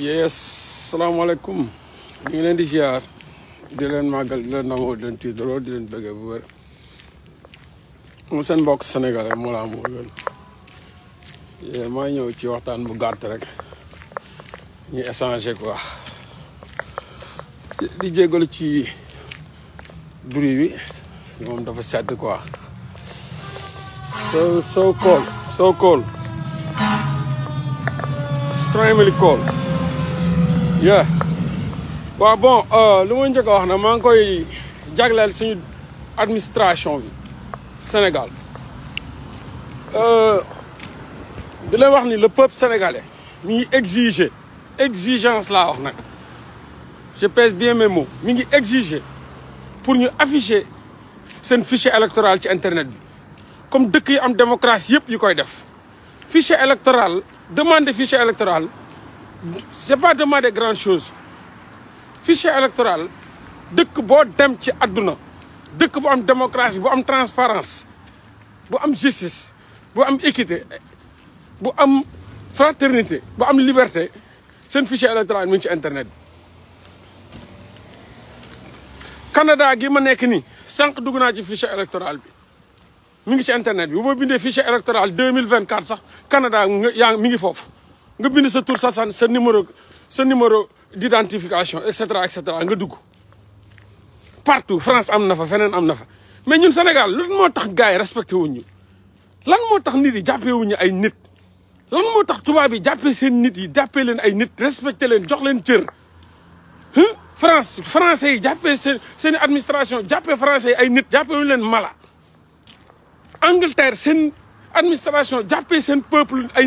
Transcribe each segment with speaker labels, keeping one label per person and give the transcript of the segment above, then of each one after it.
Speaker 1: Yes, assalamualaikum. alaikum. Ini lagi siar. Di magal, di lain nama, di lain titro, di bagai Musen box Senegal, mula mula. Ya, main yo cuitan bugar terek. Ini esang aja gua. Di jago Duri eh, bi, ngom dapat So so cold, so cold. extremely cold. yeah bon euh, lu ma njëkk a wax na maa ngi administration Sénégal euh, De le peuple sénégalais mi exigé exigence là je pèse bien mes mots mi exige pour nous afficher seen fichier électoral sur internet comme dëkk en am démocratie il yu koy def fichier électoral demande fichier électoral n'est pas demander grand chose fichier électoral avez boo dem dès que vous avez am démocratie la transparence la justice l'équité, am équité fraternité la liberté, c'est un fichier électoral qui est ci internet Canada gi ma nekk nii sànq dugg ci fichier électoral bi mi ci internet bi fichier électoral 2024 le Canada a un fichier nga bind sa numéro d'identification etc., cetera et cetera nga partout France am fa mais ñun Sénégal lu moo tax respecté wuñu lan moo nit yi wuñu ay nit lan seen nit yi hein? France français yi jàppee seen administration jàppee français yi ay nit jàppee wuñu Angleterre seen administration jàppee seen peuple ay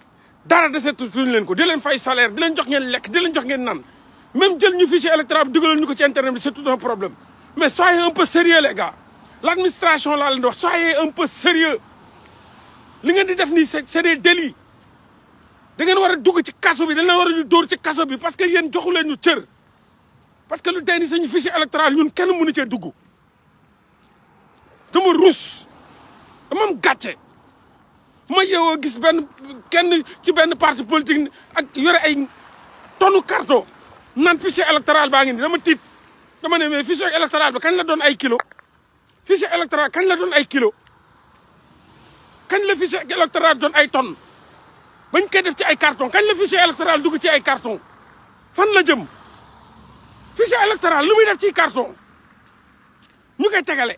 Speaker 1: dara desetuñ leen ko di leen fay salaire di leen jox ngeen lekk di leen jox ngeen nan même jël ñu fichier électoral bi dugalal ñu ko ci internet bi c'est tout un problème mais soyez un peu sérieux les l'administration laa leen di wax soyez un peu sérieux li ngeen di def nii c'est des délits da ngeen war a dugg ci kaso bi da ngeen war a ñu ci kaso bi parce que yéen joxu leen ñu cër parce que lu tey ni sañu fichier électoral ñun kenn mënu cee dugg dama rus dama am ma yeewoo gis benn kenn ci benn parti politique ak yore ay tonu carton nan fichier électoral baa ngi nii dama tiit dama ne mais fichier électoral ba kañ la doon ay kilo fichier électoral kañ la doon ay kilo kañ la fichier électoral doon ay tonnes bañ koy def ci ay carton kañ la fichier électoral dugg ci ay carton fan la jëm fichier électoral lu muy def ci carton ñu koy tegale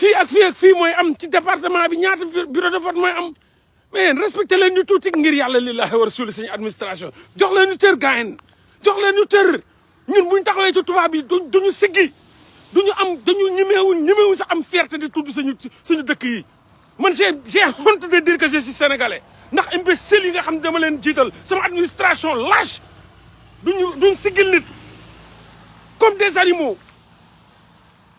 Speaker 1: fii ak fii ak fii mooy am ci département bi ñaata bureau de vote mooy am mais yéen respecté leen ñu tuuti ngir yàlla lillaahi wa rasuuli suñu administration jox leen ñu tër gaayen jox leen ñu tër ñun buñ taxawee ci tubaab yi duñu siggi ñu am dañu ñimeewu ñimeewu sax am fierté di tudd suñu suñu dëkk yi man j'ai j'ai honte de dire que je suis ndax imbécile yi nga xam ne dama leen jiital sama administration lâche duñu ñu siggil nit comme des animaux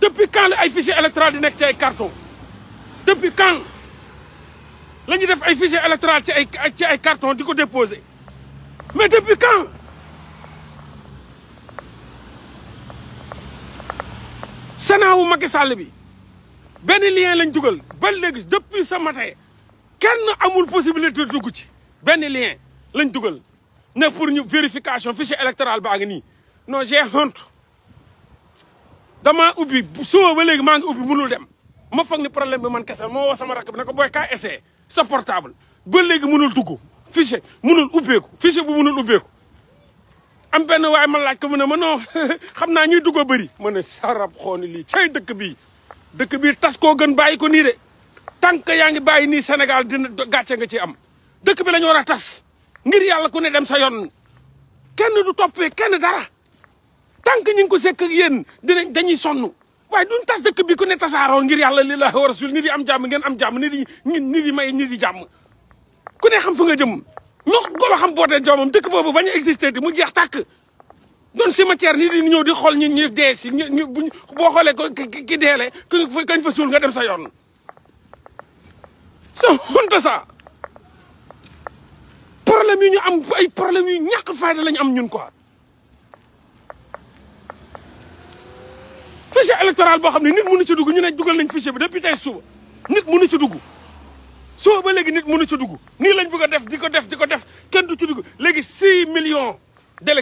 Speaker 1: depuis quand les fichiers fichier électoral di les cartons? carton depuis quand les fichiers def électoral ci ay ci ay carton di déposé mais depuis quand Sénat ou Macky Sall bi benn lien lañ dugal Ben depuis ce matin kenn amul possibilité dugg ci ben lien lañ dougal ne pour une vérification fichier électoral baa ngi non j'ai honte dama ubi suba ba legi maa ngi ubbi mënul dem ma foog ni problème bi man kese mo wa sama rakk bi ne ko booy kaa sa portable ba léegi mënul dugg fichier mënul ubbeeku fichier bu mënul ubbeeku am ben way ma laj ko mu ne ma no xamna ñuy duggo bari bëri sarab xoni li cey dëkk bi dëkk bi tas ko gën bàyyi ko nii de tank que yaa ngi bàyyi nii Sénégal dina gatché nga ci am dëkk bi lañu wara tas ngir yalla ku ne dem sa yoon kenn du topé kenn dara tant que ñu ko sék ak yeen dañ dañuy sonu way duñ tass dekk bi ku ne tassaro ngir yalla li wa rasul nit yi am jamm ngeen am jamm nit yi nit yi may nit yi jamm ku ne xam fa nga jëm ñox golo xam boté joomam dekk bobu bañ a existé mu jeex don ci matière nit yi ñëw di nit ñi ñu dee si ñu ko ki ku kañ fa sul nga dem sa yoon sa honte ça problème yu ñu am ay problème yu ñak fayda lañ am ñun quoi fichier électoral bo xamni nit mënu ci dugg ñu né duggal nañ fichier bi depuis tay suba nit mënu ci dugg suba ba légui nit mënu ci dugg ni lañ bëgg def diko def diko def kenn du ci dugg légui 6 millions d'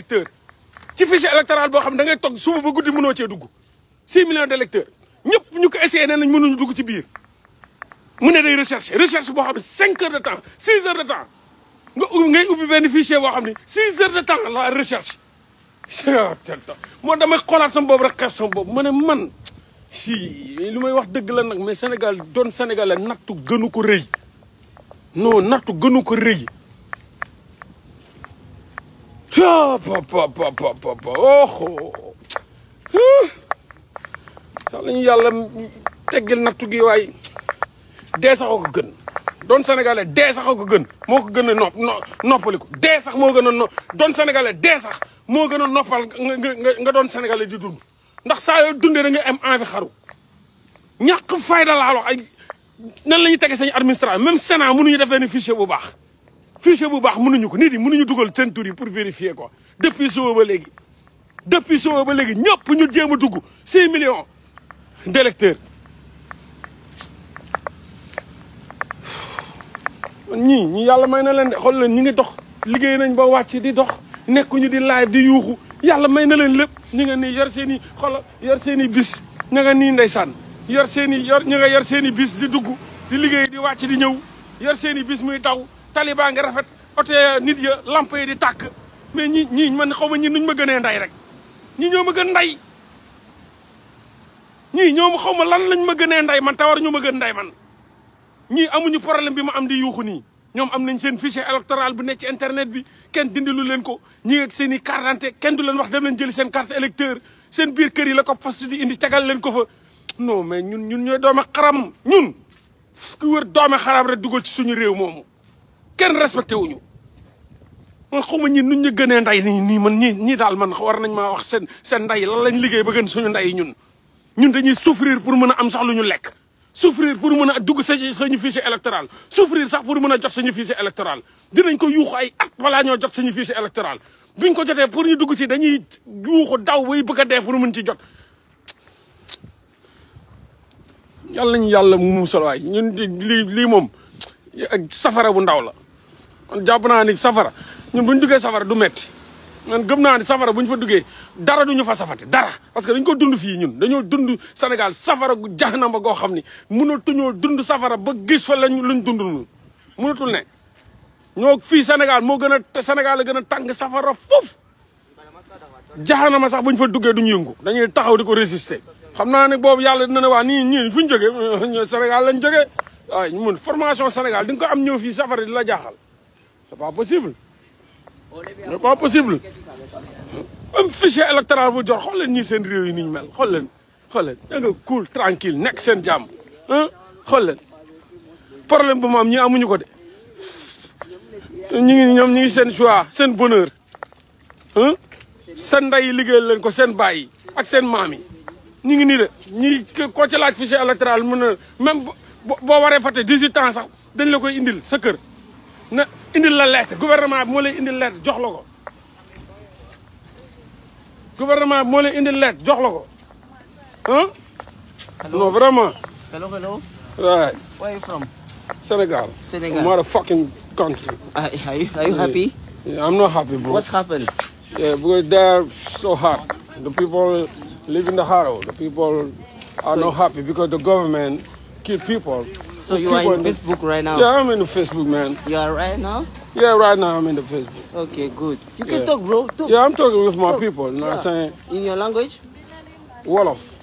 Speaker 1: ci fichier électoral bo xamni da ngay toog suba ba guddi mënoo ci dugg 6 millions d' ñepp ñëpp ñu ko essayé nee nañ mënuñu dugg ci biir mu né day recherche recherche bo xamni 5 heures de temps 6 heures de temps nga ngay ubbi ben fichier bo xamni 6 heures de temps la recherche moo damay xoolaat sama boobu rek xeeb sama boobu ma ne man si li may wax dëgg la nag mais Sénégal doon sénégalais nattu gënu ko rëy non nattu gënu ko rëy oh yàlla yàlla teggil nattu gi waay dee sax ko gën doon sénégalais dee sax ko gën moo ko gën a nopp noppaliku dee sax moo gën a nopp doon sénégalais dee sax moo gën a noppal nga doon sénégalais di dund ndax saa yoo dundee da nga am envie xaru ñàkk fayda laa wax ay nan lañu ñuy tege sañ administration même Sénat mënuñu defee benn fichier bu baax fichier bu baax munuñu ko nit yi mënuñu dugal seen pour vérifier ko depuis suba ba léegi depuis suba ba léegi ñëpp ñu jéem a dugg six millions d'électeurs ñii ñi yàlla may na leen de xool leen ñu ngi dox liggéey nañ ba wàcc di dox nekkuñu di live di yuuxu yàlla may na leen lépp ñu nga nii yor seeni i xolo yor seen i bis ña nga nii ndeysaan yor seen i yor ñu nga yor seen i bis di dugg di liggéey di wàcc di ñëw yor seen i bis muy taw talibaa nga rafet oto nit ya lamp yi di tàkk mais ñi ñi man xaw ma ñi nuñ ma gënee nday rek ñi ñoo ma gën nday ñii ñoom xaw ma lan lañ ma gënee nday man tawar ñu ma gën nday man ñii amuñu problème bi mu am di yuuxu nii ñoom am nañ seen fichier électoral bu nekk ci internet bi kenn dindilu leen ko ñi ak seen i kenn du leen wax dem leen jëli seen carte électeur seen biir kër yi la ko poste di indi tegal leen ko fa non mais ñun ñun ñooy doome xaram ñun ku wër doome xaram rek dugal ci suñu réew moomu kenn respecté wuñu man xawma ñi nuñ ñu gënee nday nii nii man ñi ñii daal man war nañ maa wax seen seen nday lan lañ liggéey ba gën suñu nday ñun ñun dañuy souffrir pour mën a am sax lu ñu lekk souffrir pour mun a dugg sa sañu fichier électoral souffrir sax pour mën a jot sañu fichier électoral dinañ ko yuuxu ay at balaa ñoo jot sañu fichier électoral buñ ko jotee pour ñu dugg ci dañuy yuuxu daw bay bëgg a dee pour mën ci jot yàlla ñu yàlla muusal waay ñu lii lii moom safara bu ndaw la jàpp naa ni safara ñun buñ duggee safara du metti man gëm naa ni safara bu ñu fa duggee dara duñu fa safati dara parce que dañ ko dund fii ñun dañoo dund Sénégal safara gu jaxanama goo xam ni mënatuñoo dund safara ba gis fa lañu lañ luñ dund ñun mënatul ne ñoo fii Sénégal moo gën a Sénégal la gën a tàng safara foofu jaxanama sax bu ñu fa duggee duñu yëngu dañuy taxaw di ko résister xam naa ne boobu yàlla dina ne waa nii ñii fu ñu jógee Sénégal lañ jógee waaye mun formation Sénégal di ko am ñëw fii safara di la jaaxal c'est pas possible n'est pas possible Un fichier électoral bu jor xool leen ñii seen réew yi niñ mel xool da nga cool tranquille nekk sen jam ah xool leen problème bu ma am ñi amuñu ko de ñu ngi ñoom ñu ngi seen joie seen bonheur ah seen ndey yi liggéeyal leen ko sen baay ak seen maam yi ngi nii de ñi koo ci laaj fichier électoral même boo waree fàtte 18 ans sax dañ la koy indil sa kër na indil la lettre gouvernement bi moo lay indil lettre jox la ko gouvernement bi moo lay indil lettre jox la ko ah. vraiment. hello hello. right. where you from. Senegal. Senegal. Motherfucking country. Are, are, you, are you happy? Yeah, I'm not happy, bro. What's happened? Yeah, because they're so hard. The people live in the harrow. The people are so, not happy because the government kill people So you are in Facebook right now? Yeah, I'm in Facebook, man. You are right now? Yeah, right now I'm in the Facebook. Okay, good. You can talk, bro. Talk. Yeah, I'm talking with my people. You know In your language? Wolof.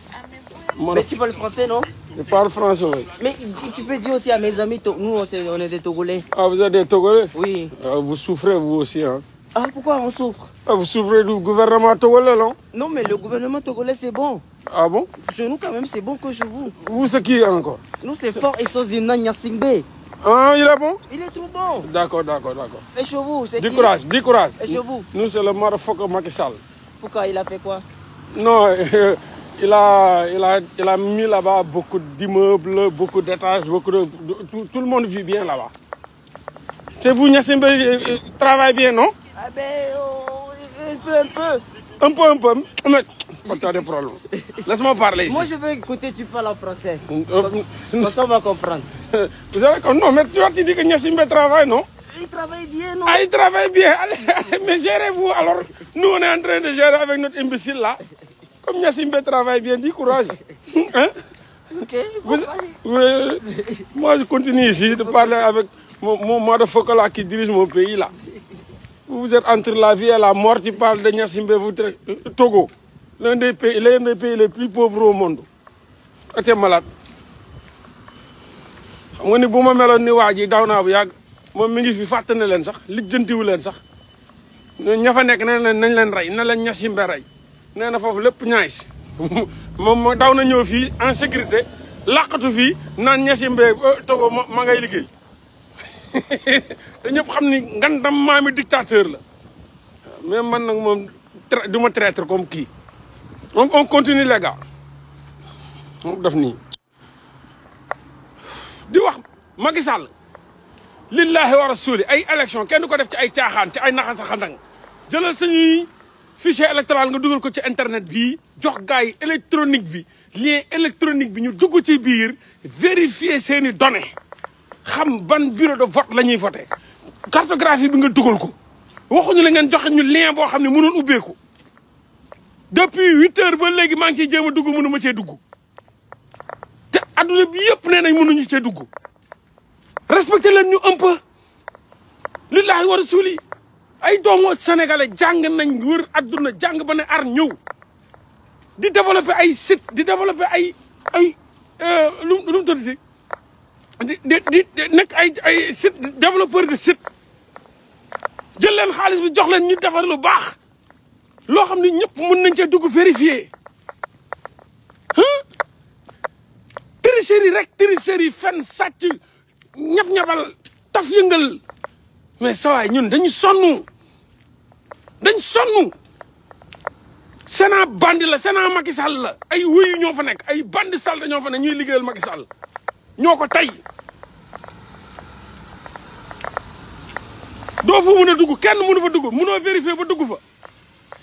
Speaker 1: Mais tu parles français, non Je parle français, oui. Mais tu peux dire aussi à mes amis, nous, on est, on est des Togolais. Ah, vous êtes des Togolais Oui. Ah, vous souffrez, vous aussi, hein Ah, pourquoi on souffre ah, Vous souffrez du gouvernement togolais, non Non, mais le gouvernement togolais, c'est bon. Ah bon Chez nous, quand même, c'est bon que je vous. Vous, c'est qui encore Nous, c'est fort et Sozimna Nyasingbe. Ah, hein, il est bon Il est trop bon. D'accord, d'accord, d'accord. Et chez vous, c'est qui du courage. Et chez vous Nous, c'est le Marfoko Macky Sall. Pourquoi Il a fait quoi Non, il, a, il, a, il a mis là-bas beaucoup d'immeubles, beaucoup d'étages, beaucoup de, tout, le monde vit bien là-bas. C'est vous, il travaille bien, non Ah ben, oh, un peu, un peu. Un peu, un peu. Pas de problème. Laisse-moi parler ici. Moi, je veux écouter, tu parles en français. Comme, euh, ça, va comprendre. Vous Non, mais tu as dit que Nyassimbe travaille, non il travaille bien, non Ah, il travaille bien. Allez, mais gérez-vous. Alors, nous, on est en train de gérer avec notre imbécile là. Comme Nyassimbe travaille bien, dis courage. Hein Ok, Moi, je continue ici de parler avec mon, mon, de là qui dirige mon pays là. Vous êtes entre la vie et la mort, tu parles de Nyassimbe, vous, euh, Togo. l'un des pays, l'un des pays les plus pauvres au monde ak c'est xam nga ni bu ma meloon ni waa ji daw naa bu yàgg moom mi ngi fi fàttali ne leen sax lijjantiwu leen sax ña fa nekk nee leen nañ leen rey na leen ñas yi mbe rey nee na foofu lépp ñaayis moom moo daw na ñëw fii en sécurité làqatu fii naan ñas yi mbe togo ma ngay liggéey te ñëpp xam ni ngandam maami dictateur la mais man nag moom du ma traître comme kii on continue les gars On def je wax Macky les wa ay élection kenn du ko def ci ay caaxaan ci ay xandang fichier électoral nga ko ci internet bi jox électronique bi lien électronique bi vérifier ces données xam ban bureau de vote la ñuy cartographie bi nga ko la ngeen ñu lien depuis 8h ba léegi maa ngi ciy jéem dugg mënu ma cee dugg te adduna bi yëpp nee nañ mënuñu cee dugg respecté leen ñu un peu lillahi wa rasuli ay doomu sénégalais jàng nañ wër adduna jàng ba ne ar ñëw di développé ay site di développé ay ay euh, lu lu di di ay ay site développeur de site jël bi jox ñu lu lo xamni ñepp mën nañ ci dugg vérifier tricherie rek tricherie fen sacc ñab-ñabal taf yëngal mais way ñun dañu sonu dañ sonu sena bandi la sena Macky Sall la ay wuy ñoo fa nek ay bandi Sall ñoo fa nek ñuy liggéeyal Macky Sall ñoko tay do fu mëna dugg kenn mënu fa dugg mëno vérifier ba dugg fa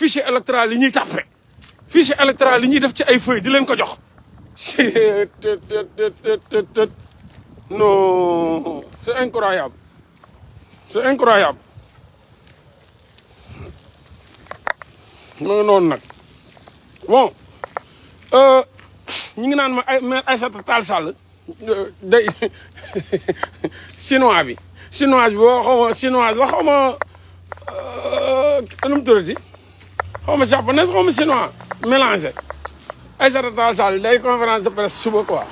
Speaker 1: fichier électoral yi ñuy tàppe fichier électoral yi ñuy def ci ay feuilles di leen ko jox non c'est incroyable c'est incroyable ma nga nag bon euh, ñu ngi naan ma ay maire Aïssata Tall Sall day chinois bi chinois bi boo xaw ma chinois bi xaw ma euh, nu xaw ma japonais xaw ma chinois mélangé Aïssata Tall Sall day conférence de presse suba quoi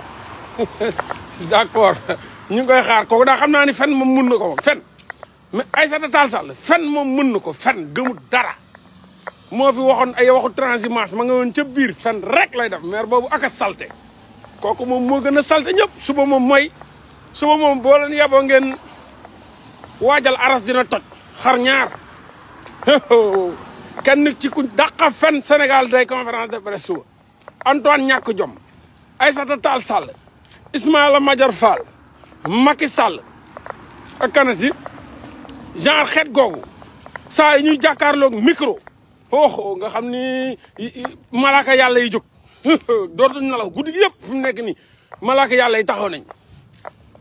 Speaker 1: d' accord ñu koy xaar kooku ni fen moom ko fen mais Aïssata Tall fen moom ko fen gëmut dara moo fi waxoon ay waxu transhumance ma nga woon ca biir fen rek lay def maire boobu ak a salté kooku moom moo gën salté ñëpp suba suba ngeen aras dina toj xar ñaar kenn ci ku dàqa fen Sénégal day conférence de presse suba Antoine ñàkk jom Aïssata Tall Sall Ismaïla Madior Fall Macky Sall ak kanati genre xeet googu saa yi ñuy jàkkaarloog micro oh, oh nga xam ni malaka yàlla yi jóg dootuñ nelaw guddi yëpp fu mu nekk nii malaaka yàlla yi taxaw nañ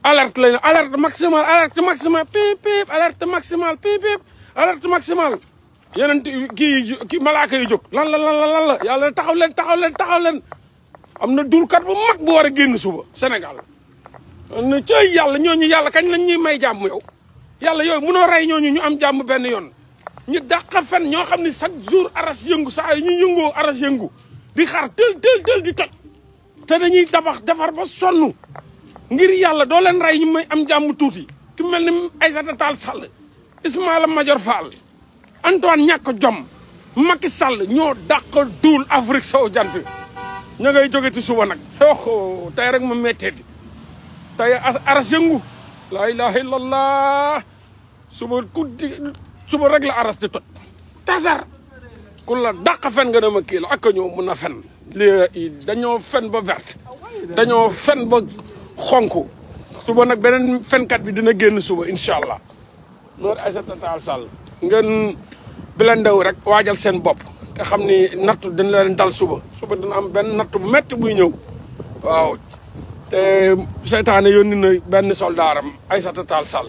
Speaker 1: alerte lañ alerte maximale alerte maximale pip pip alerte maximale pip pip alerte maximale yeneen kii kii malaaka yi jóg lan la lan taxaw leen taxaw leen taxaw leen am na dulkat bu mag bu war a génn suba Sénégal na cay ñoo ñu yàlla kañ lañ ñuy may jàmm yow yàlla yooyu munoo rey ñooñu ñu am jàmm benn yoon ñu dàqa fen ñoo xam ne chaque jour aras yëngu saa yi ñu yëngoo aras yëngu di xar tël tël tël di toj te dañuy tabax defar ba sonn ngir yàlla doo leen rey ñu may am jàmm tuuti ki mel ni Aïssata Tall Sall Ismaïla Madior Fall Antoine ñàkk jom Macky Sall ñoo dàq duul Afrique sow jant ña ngay jógeti suba nag oh tey rek ma métteeti tey aras yëngu laa ilaha illallah suba ku rek la aras di toj tasar ku la dàq fen nga ne ma kii la ak ñëw mun a fen li dañoo fen ba verte dañoo fen ba xonk suba nag beneen fenkat bi dina génn suba incha allah loolu Aïssata Tall ngeen belanda rek wajal sen bop te xamni ni nattu dina leen dal suba suba dañ am ben nattu bu metti buy ñew waaw te seytaane yoni na benn soldaaram Aïssata tal sal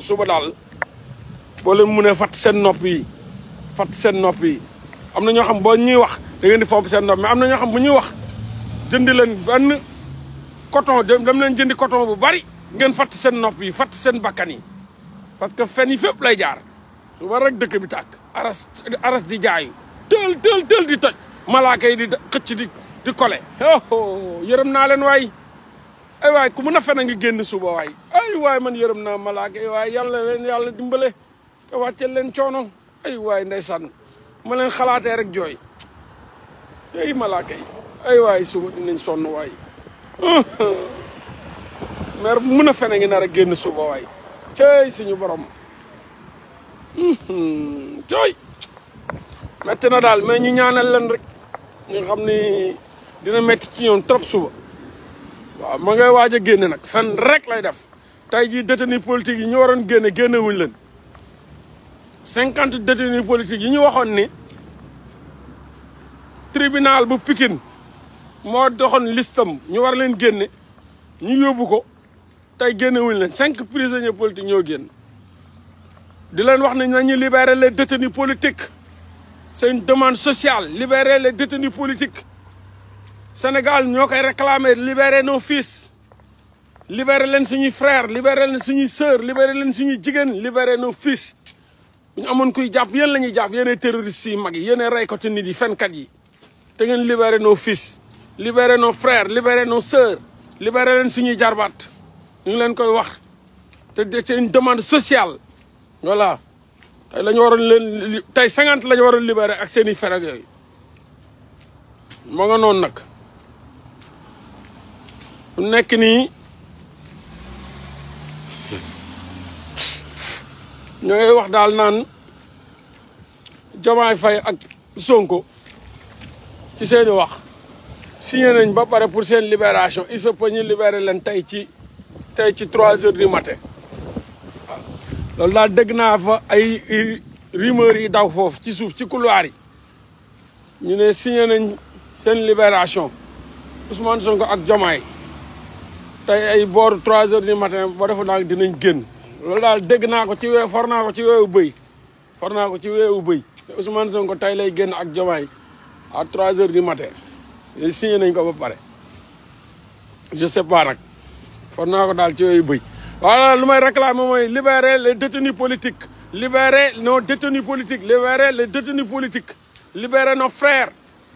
Speaker 1: suba dal boo leen mënee fat sen nopi fat sen nopi amna ño xam bo ñi wax da ngeen di fop sen nopi amna ño xam bu ñi wax jënd leen ben coton dem leen jëndi coton bu bari ngeen fat sen nopi fat sen bakani parce que fen yi fep lay jaar su ba dëkk bi tàkk aras di jaayu tël tël tël di toj malaaka di xëcc di kole oh, oh, oh, yërëm naa leen waay ay waay ku mun a fen ngi génn suba waay ay waay man yërëm naa malaaka waay yàlla leen yàlla dimbale te wàccel leen coono ay waay ndeysaan ma leen xalaatee rek jooy tey malaaka yi ay waay suba dinañ sonn waay mer mun a fen ngi nar a génn suba waay cey suñu borom cooy hmm, metti na daal mais ñu ñaanal leen rek ñu xam ni dina metti ci ñoom trop suba waaw ma ngay waaj a génne nag fen rek lay def tey jii détenu politique yi ñu waroon génne génne wuñ leen cinquante détenu politique yi ñu waxoon ni tribinal bu Pikine moo doxoon listam ñu war leen génne ñu yóbbu ko tey génne wuñ leen cinq prisonniers politiques ñoo génn di leen wax ne nañu libérer les détenus politiques c'est une demande sociale libérer les détenus politiques Sénégal ñoo koy réclamer libérer nos fils libérer leen suñu frère libérer leen suñu sœur libérer leen suñu jigen libérer nos fils bu ñu amoon kuy japp yeen lañuy japp yeen yéenay terroristes yi mag yi yeen ray ko reykatu di fen kat yi te ngeen libérer nos fils libérer nos frères libérer nos sœurs libérer leen suñu jarbat ñu leen koy wax te c'est une demande sociale voilà tey la ñu waroon tey cinquante la ñu waroon libéré ak seen i fer yooyu moo nga noonu nag nekk nii ñoo wax daal naan Diomaye fay ak Sonko ci seeni wax signé nañ ba pare pour seen libération il se peut ñu libéré leen tey ci tey ci trois heures du matin lolou la dégg na fa ay rumeur yi daw fofu ci souf ci couloir yi ñu né signé nañ sen libération Ousmane Sonko ak Jomay tay ay bor 3h du matin bo defu nak dinañ genn lolou dal dégg na ko ci wé forna ko ci weewu bëy for naa ko ci weewu bëy te Ousmane Sonko tay lay genn ak Jomay à 3h du matin ñu signé nañ ko ba paré je sais pas nak forna ko dal ci weewu beuy voilà nous libérer les détenus politiques libérer nos détenus politiques libérer les détenus politiques libérer nos frères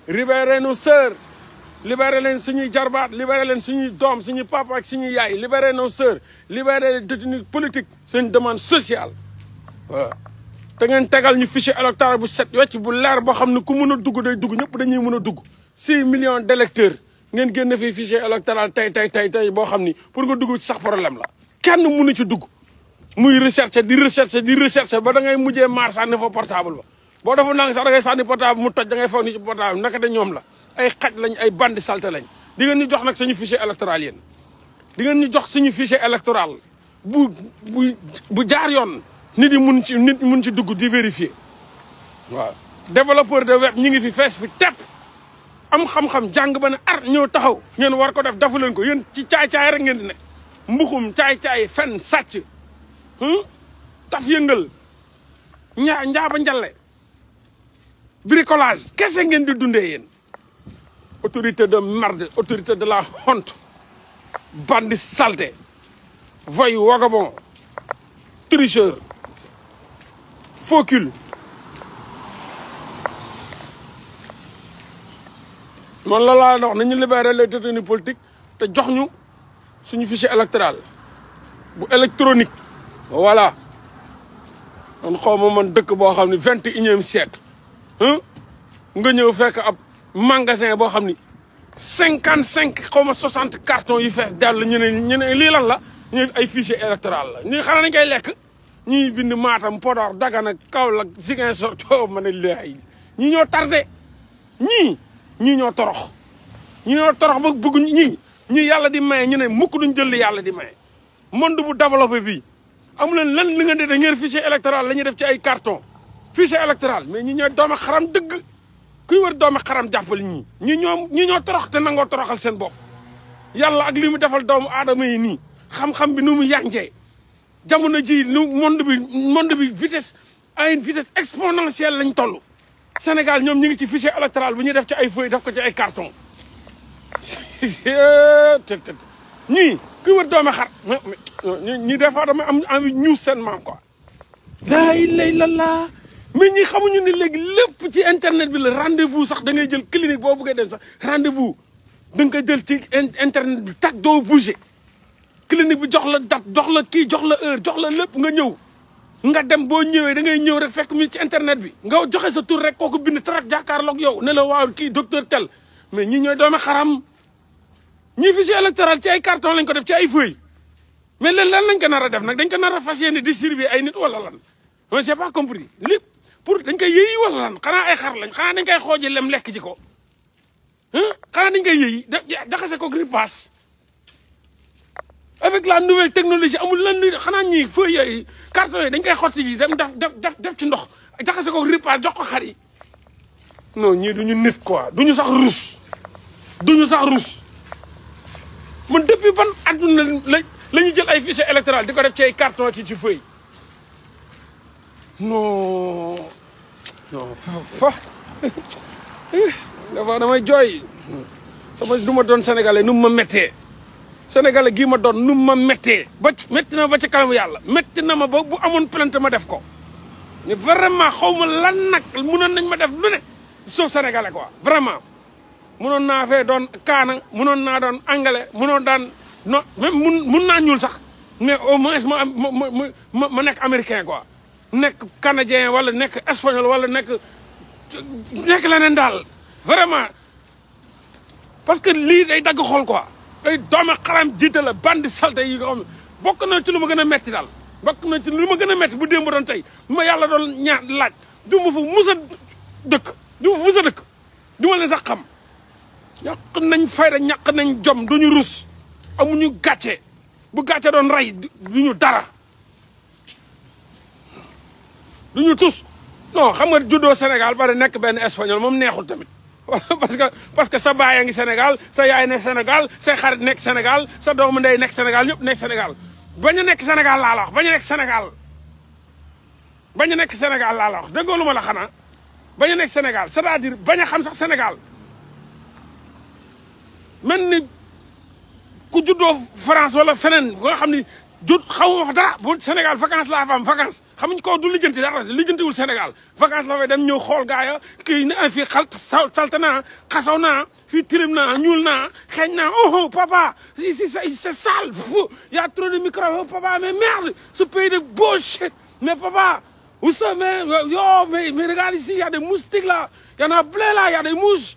Speaker 1: libérer nos sœurs libérer les signes Jarbat, libérer les signes papa libérer nos sœurs libérer les détenus politiques c'est une demande sociale voilà fichier électoral bu set bu lar bo ku dugg day dugg ñep dañuy dugg six millions d'électeurs ngeen génn fi fichier électoral tay pour dugg ci sax problème la kenn mënu ci dugg muy rechercher di rechercher di rechercher ba da ngay mujjee fa portable ba boo defoon naa sax da ngay sanni portable mu toj da ngay ci portable nakata de ñoom la ay xaj lañ ay bandi salté lañ di ngeen ñu jox nak suñu fichier électoral yeen di ngeen ñu jox suñu fichier électoral bu bu jaar yoon nit yi mun ci nit ci dugg di vérifier waaw développeur de web ñi ngi fi fess fi tép am xam-xam jang ba ar ñëw taxaw ngeen war ko def dafu leen ko yeen ci tia tia rek ngeen di mbuxum caay-caay fen sàcc taf yëngal ñaa njaaba njale bricolage kese ngeen di dundee autorité de merde autorité de la honte bandi salté voyou vagabond tricheur faux cul man la laa wax nañu libéré les détenus politiques te jox ñu suñu fichier électoral bu électronique voilà man xaw ma man dëkk boo xam ne vingt et unième nga ñëw fekk ab magasin boo xam ni cinquante cinq xaw ma soixante cartons yi fees dell ñu ne lii lan la ñu ay fichier électoral la ñuy xanaa nañ koy lekk ñuy bind Matam Podor Dagana Kaolack Ziguinchor coow ma ne laay ñii ñoo tardé ñii ñii ñoo torox ñii ñoo torox ba bëgguñ ñii ñi yàlla di maye ñu ne mukk duñ jël li yàlla di maye monde bu développé bii amu leen lan li nga ne da ngeen fichier électoral la def ci ay carton fichier électoral mais ñi ñooy dooma xaram dëgg kuy wër dooma xaram jàppal ñii ñi ñoo ñi ñoo torox te nangoo toroxal seen bopp yàlla ak li mu defal doomu aadama yi nii xam-xam bi nu mu yànjee jamono ji lu monde bi monde bi vitesse à une vitesse exponentielle lañ toll Sénégal ñoom ñi ngi ci fichier électoral bu ñuy def ci ay feuilles def ko ci ay carton të të ñii kuy wër doomi xar ñi des fois dama am envie ñu seen maam quoi laa ilaaha illallaah mais ñi xamuñu ni léegi lépp ci internet bi la rendez-vous sax da ngay jël clinique boo bëggee dem sax rendez-vous da nga koy jël ci internet bi tag doo bouger clinique bi jox la date jox la kii jox la heure jox la lépp nga ñëw nga dem boo ñëwee da ngay ñëw rek fekk mu ci internet bi nga joxe sa tur rek kooku bind tarak jàkkaarloog yow ne la waaw kii docteur tel mais ñi ñooy doomi xaram ñi fi ci électoral ci ay carton lañ ko def ci ay feuille mais lan lan lañ ko nara def nak dañ ko nara a fas distribuer ay nit wala lan on j'ai pas compris li pour dañ koy yeyi wala lan xana ay xar lañ xana dañ koy xooji lem lek ci ko hein xana dañ koy yeyi da xasse ko pass avec la nouvelle technologie amul lan xana ñi feuille ay carton dañ koy xorti ji dem def def def ci ndox da xasse ko pass jox ko xari non ñi duñu nit quoi duñu sax russe duñu sax russe man depuis ban adduna la la ñu jël ay fichier électoral di ko def ci ay carton ci ci feuille non non fa dafa damay jooy sama du ma doon sénégalais nu mu ma méttee sénégalais gii ma doon nu mu ma méttee ba métti na ma ba ci kanamu yàlla métti na ma ba bu amoon plainte ma def ko ne vraiment xaw ma lan nag mënoon nañ ma def lu ne sauf ko quoi vraiment mënoon naa fee doon kaana mënoon naa doon angale mënoon daan non même mun mun naa ñuul sax mais au moins ma am ma ma nekk américain quoi nekk canadien wala nekk espagnol wala nekk nekk leneen daal vraiment parce que lii day dagg xool quoi ay dooma xaram jiite la bandi salte yi nga bokk na ci lu ma gën a metti daal bokk na ci lu ma gën a metti bu démb doon tey ma yàlla doon ñaan laaj du ma fa mus dëkk du ma fa mus a dëkk du ma leen sax xam ñak nañ fayda ñak nañ jom duñu rus amuñu gatché bu gatché don ray duñu dara duñu tous non xam nga Senegal Sénégal bare nek ben espagnol mom neexul tamit parce que parce que sa baye ngi Sénégal sa yaay nek Sénégal say xarit nek Sénégal sa doom ndey nek Senegal, ñep nek Senegal baña nek senegal Sénégal laa la wax baña nek senegal Sénégal bañ a Sénégal laa la wax deggoluma la xana baña nek c'est-à-dire baña xam sax Sénégal mel ku juddoo France wala fenen ba xamni xam ni xaw wax dara bu senegal vacances la fam vacances xamni ko du lijjanti dara wul senegal vacances la fay dem ñu xol gaaya ki na ah, fii xal salte naa xasaw naa fii tilim naa oh, oh papa ici c'est sale y a trop de micro oh, papa mais merde ce pays de bullshit mais papa où ça mais yo mais mais regarde ici y a des moustiques là y en a plein là y a des mouches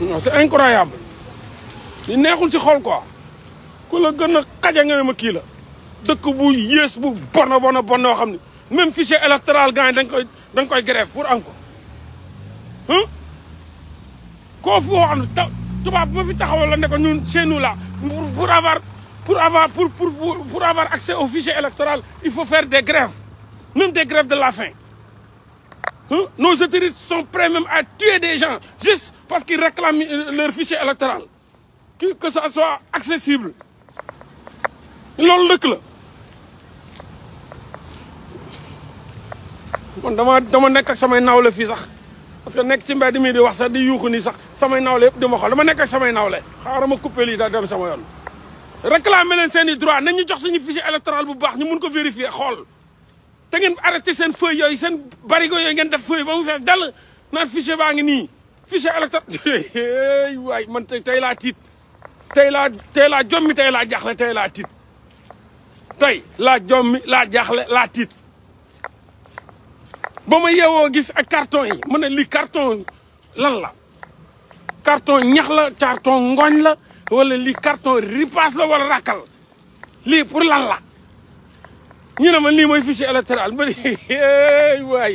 Speaker 1: non c'est incroyable li neexul ci xol quoi ku la gën a xaja ne ma kii la dëkk bu yées bu bona bona bon yoo xam même fichier électoral gars yi dañ koy dañ koy grève pour am ko hein? koo fu wax ne tubaab bu ma fi taxawal la ne ko ñun chez nous là pour avoir pour avoir pour pour pour avoir accès au fichier électoral il faut faire des grèves même des grèves de la faim Hein? Nos utilistes sont prêts même à tuer des gens juste parce qu'ils réclament euh, leur fichier électoral. Que, ça soit accessible. Ils ont la Je dama dama pas ak samay nawle parce que nekk ci mbedd je di wax sax di je sax samay nawle yëpp le. réclamer l'enseignement fichier électoral bu baax ñu vérifier te ngeen arrêté seen feuille yooyu seen barigo yooyu ngeen def feuille ba mu fees dal naan fichier baa ngi nii fichier électoral waay man tey laa tit tey laa tey laa jommi tey laa jaaxle tey laa tiit tey laa jommi laa jaaxle laa tiit ba ma yeewoo gis ak carton yi ma lii carton lan la carton ñax la carton ngooñ la wala lii carton ripaas la wala rakkal lii pour lan la ñu ne ma lii mooy fichier électoral ma ne waay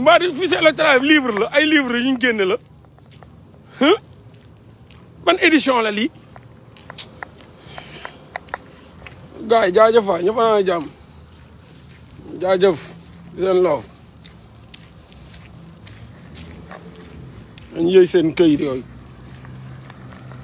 Speaker 1: mbaa di fichier électoral bi livre la ay livre yu ñu génne la ban édition la lii gars yi jaajëf waay ñëpp naa jàmm jaajëf seen loof dañ yëy seen këyit yooyu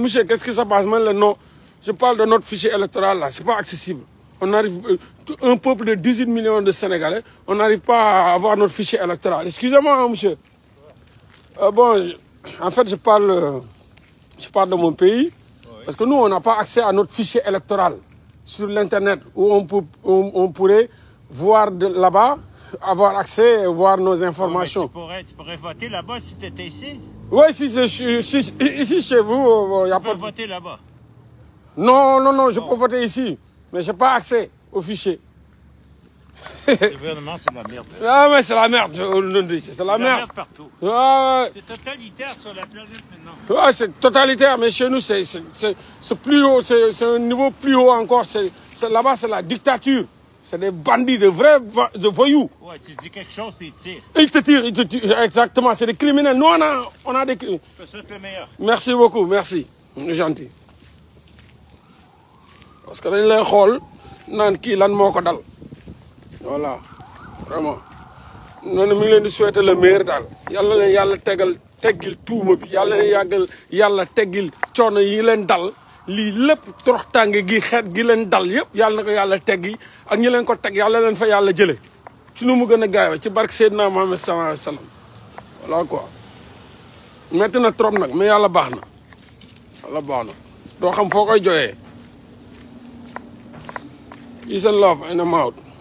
Speaker 1: monsieur qu'est-ce qui se passe non je parle de notre fichier électoral là c'est pas accessible on arrive euh, un peuple de 18 millions de Sénégalais on n'arrive pas à avoir notre fichier électoral excusez-moi hein, monsieur euh, bon en fait je parle euh, je parle de mon pays parce que nous on n'a pas accès à notre fichier électoral sur l'internet où on, peut, on pourrait voir là-bas, avoir accès voir nos informations. tu, pourrais, voter là-bas si tu étais ici Oui, si je suis ici chez vous, il euh, n'y a pas... Tu peux voter là-bas Non, non, non, je peux voter ici, mais je n'ai pas accès au fichier. Le gouvernement, c'est la merde. Ah mais c'est la merde, C'est la, merde. partout. Ah, c'est totalitaire sur la planète maintenant. Ouais, c'est totalitaire, mais chez nous, c'est plus haut, c'est un niveau plus haut encore. Là-bas, c'est la dictature. C'est des bandits, de vrais de voyous. Ouais, tu dis quelque chose, puis ils tirent. Ils te tirent, ils te tirent. Exactement, c'est des criminels. Nous, on a, on a des criminels. Je te meilleur. Merci beaucoup, merci. gentil. Parce que les lay xool qui kii lan moo dal voilà vraiment
Speaker 2: souhaitons le meilleur leen di souhaiter le meilleur daal yàlla leen yàlla
Speaker 1: tegal teggil tuuma bi yàlla leen yàggal yàlla teggil coono yi leen dal lii lépp toroxtànge gi xeet gi leen dal yëpp yàlla y ko le teggi ak ñi ko teg yàlla leen fa yàlla jële ci nu mu gën a gaawee ci barke Seydina naa sallallahu alayhi wasallam voilà metti na trop nag mais yàlla baax na yàlla baax na doo xam foo koy jooyee peace and love and I'm out